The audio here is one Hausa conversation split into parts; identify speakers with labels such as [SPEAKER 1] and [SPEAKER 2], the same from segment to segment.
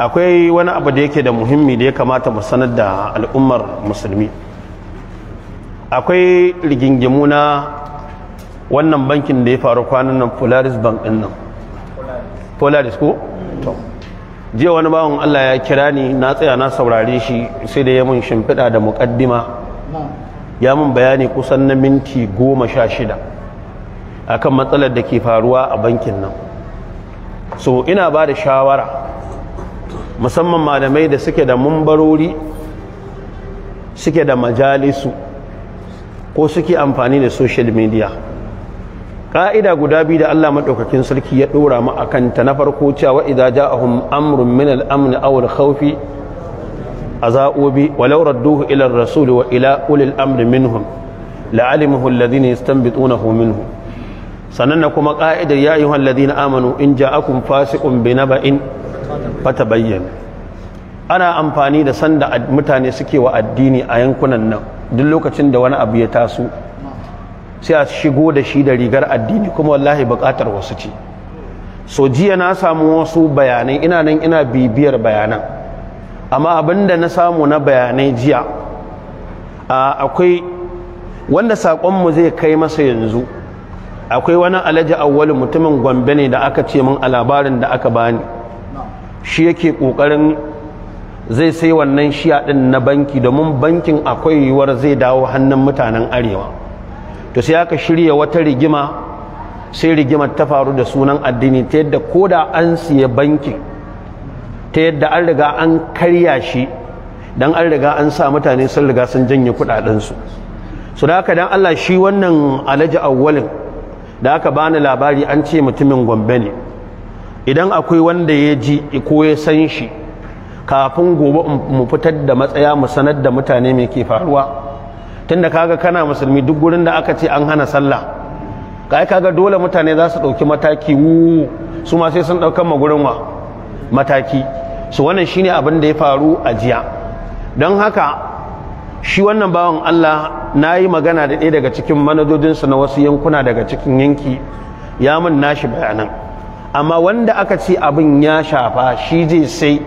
[SPEAKER 1] akwai wani abu da yake da muhimmi da ya kamata mu sanar da al'ummar musulmi akwai rigingimu na wannan bankin da ya faru kwanan nan polaris bank din nan polaris ko to jiya wani bawan Allah ya kira ni na tsaya na saurare shi sai da ya mun shimfiɗa da muƙaddima ya mun bayani kusan na minti goma sha shida akan matsalar da ke faruwa a bankin nan so ina ba da shawara musamman malamai da suke da mumbarori suke da majalisu ko suke amfani da social media ƙa'ida guda biyu da Allah maɗaukakin sarki ya ɗora mu a kanta na farko cewa idza ja'ahum amrun min al-amn aw a khawfi aza'u bi walau rasul wa ila ulil amri minhum la'alimahu alladhina yastanbitunahu minhum sannan kuma ƙa'idar ya ayyuhal ladina amanu in ja'akum fasiqun bi naba'in fata bayyana ana amfani da sanda mutane suke wa addini a yankunan nan duk lokacin da wani abu ya taso sai a shigo da shi da rigar addini kuma wallahi bukatar wasu ce so jiya na samu wasu bayanai ina nan ina bibiyar bayanan amma abin da na samu na bayanai jiya akwai wanda saƙonmu zai kai masa yanzu akwai wani alhaji awwalu mutumin gombe ne da aka ce min a labarin da aka bani shi yake ƙoƙarin zai sai wannan shiya ɗin na banki domin bankin akwai yiwuwar zai dawo hannun mutanen arewa to sai aka shirya wata rigima sai rigimar ta faru da sunan addini ta yadda ko da an siya banki ta yadda an riga an karya shi don an riga an sa mutane sun riga sun janye kuɗaɗensu su da aka dan Allah shi wannan alhaji awwalin da aka bani labari an ce mutumin gombe ne idan akwai wanda ya ji ko ya san shi kafin gobe mu fitar da matsaya mu sanar da mutane mai ke faruwa tunda kaga kana musulmi duk gurin da aka ce an hana sallah kai kaga dole mutane za su ɗauki mataki wu su ma sai sun ɗaukan ma gurin wa mataki su wannan shine abin da ya faru a jiya don haka shi wannan bawan Allah na yi magana da ɗaya daga cikin manajojinsu na wasu yankuna daga cikin yanki ya mun nashi bayanan amma wanda aka ce abin ya shafa shi zai sai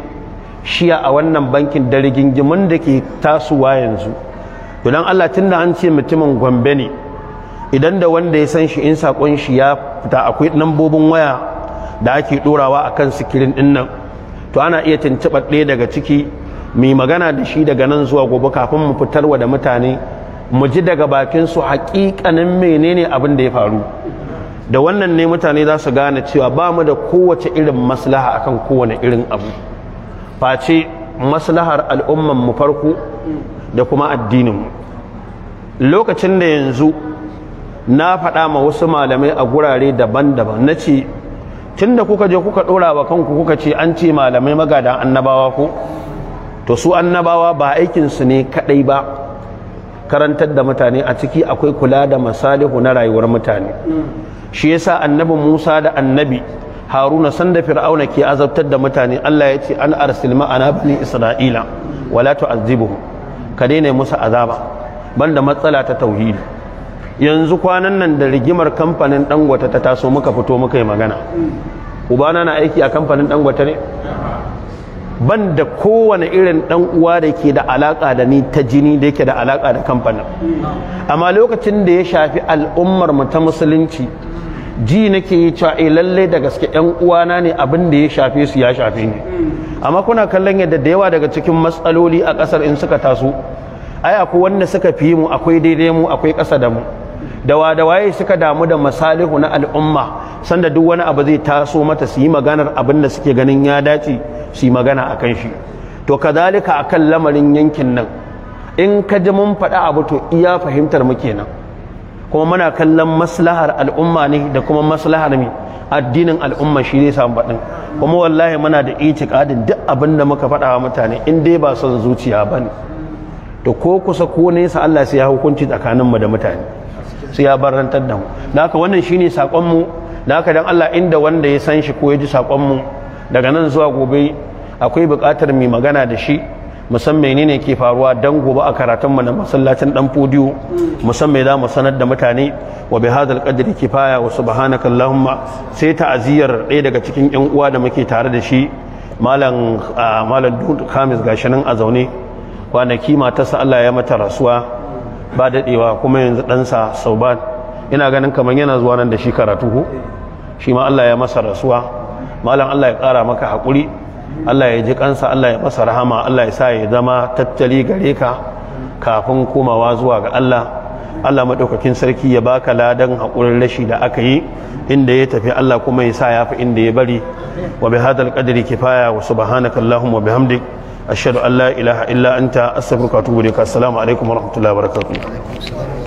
[SPEAKER 1] shi a wannan bankin dare da ke tasowa yanzu idan Allah tun da an ce mutumin Gombe ne idan da wanda ya san shi in sakon shi ya fita akwai lambobin waya da ake dorawa kan sikirin ɗin nan to ana iya tuntuɓa ɗaya daga ciki mai magana da shi daga nan zuwa gobe kafin mu fitarwa da mutane mu ji daga bakin haƙiƙanin menene abin da ya faru da wannan ne mutane za su gane cewa ba mu da kowace irin maslaha akan kowane irin abu face maslahar al'umman mu farko da kuma addinin mu lokacin da yanzu na faɗa ma wasu malamai a gurare daban-daban na ce tun da kuka je kuka ɗora wa kanku kuka ce an ce malamai magadan annabawa ko to su annabawa ba aikinsu ne kaɗai ba karantar da mutane a ciki akwai kula da masalihu na rayuwar mutane shi yasa annabi Musa da annabi Haruna sanda Fir'auna ke azabtar da mutane Allah ya ce an arsil ma'ana bani Isra'ila wala tu'azibuhum ka daina musu azaba banda matsala ta tauhidi yanzu kwanan nan da rigimar kamfanin ɗangote ta taso muka fito muka yi magana ubana na aiki a kamfanin dangwata ne ban da kowane irin dan uwa da ke da alaka da ni ta jini da yake da alaka da kamfanin amma lokacin da ya shafi al'ummar mu ta musulunci ji nake yi cewa eh lalle da gaske yan uwana ne abin da ya shafe su ya shafe ni amma kuna kallon yadda da yawa daga cikin matsaloli a kasar in suka taso ai akwai wanda suka fi mu akwai daidai mu akwai ƙasa da mu dawa da waye suka damu da masalihu na al'umma sanda duk wani abu zai taso mata su yi maganar abin da suke ganin ya dace su yi magana akan shi to kadalika akan lamarin yankin nan in ka ji mun faɗa abu to iya fahimtar mu kenan kuma muna kallon maslahar al'umma ne da kuma maslahar mi addinin al'umma shi ne samu baɗin kuma wallahi muna da itikadin duk abin da muka faɗa wa mutane in dai ba son zuciya ba ne to ko kusa ko nesa Allah sai ya hukunci tsakaninmu da mutane sai ya barantar da mu da haka wannan shine sakon mu da haka dan Allah inda wanda ya san shi ko ya ji sakon mu daga nan zuwa gobe akwai buƙatar mai magana da shi musamman menene ke faruwa dan gobe a karatun mu na masallacin dan fodiyo musamman za mu sanar da mutane wa bi hadal qadri kifaya wa subhanaka allahumma sai ta'aziyar ɗaya daga cikin yan uwa da muke tare da shi malam ah, malam Kamis gashi nan a zaune kwanaki matarsa Allah ya mata rasuwa ba daɗewa kuma yanzu ɗansa sau ba ina ganin kamar yana zuwa nan da shi karatu ko shi ma Allah ya masa rasuwa malam Allah ya ƙara maka haƙuri Allah ya ji kansa Allah ya masa rahama Allah ya sa ya zama tattali gare ka kafin komawa zuwa ga Allah Allah maɗaukakin sarki ya baka ladan haƙurin rashi da aka yi inda ya tafi Allah kuma ya sa ya fi inda ya bari wa bi hadal qadri kifaya wa subhanaka allahumma wa hamdi. ashhadu an la ilaha illa anta astaghfiruka wa atubu ilaik assalamu alaikum wa rahmatullahi wa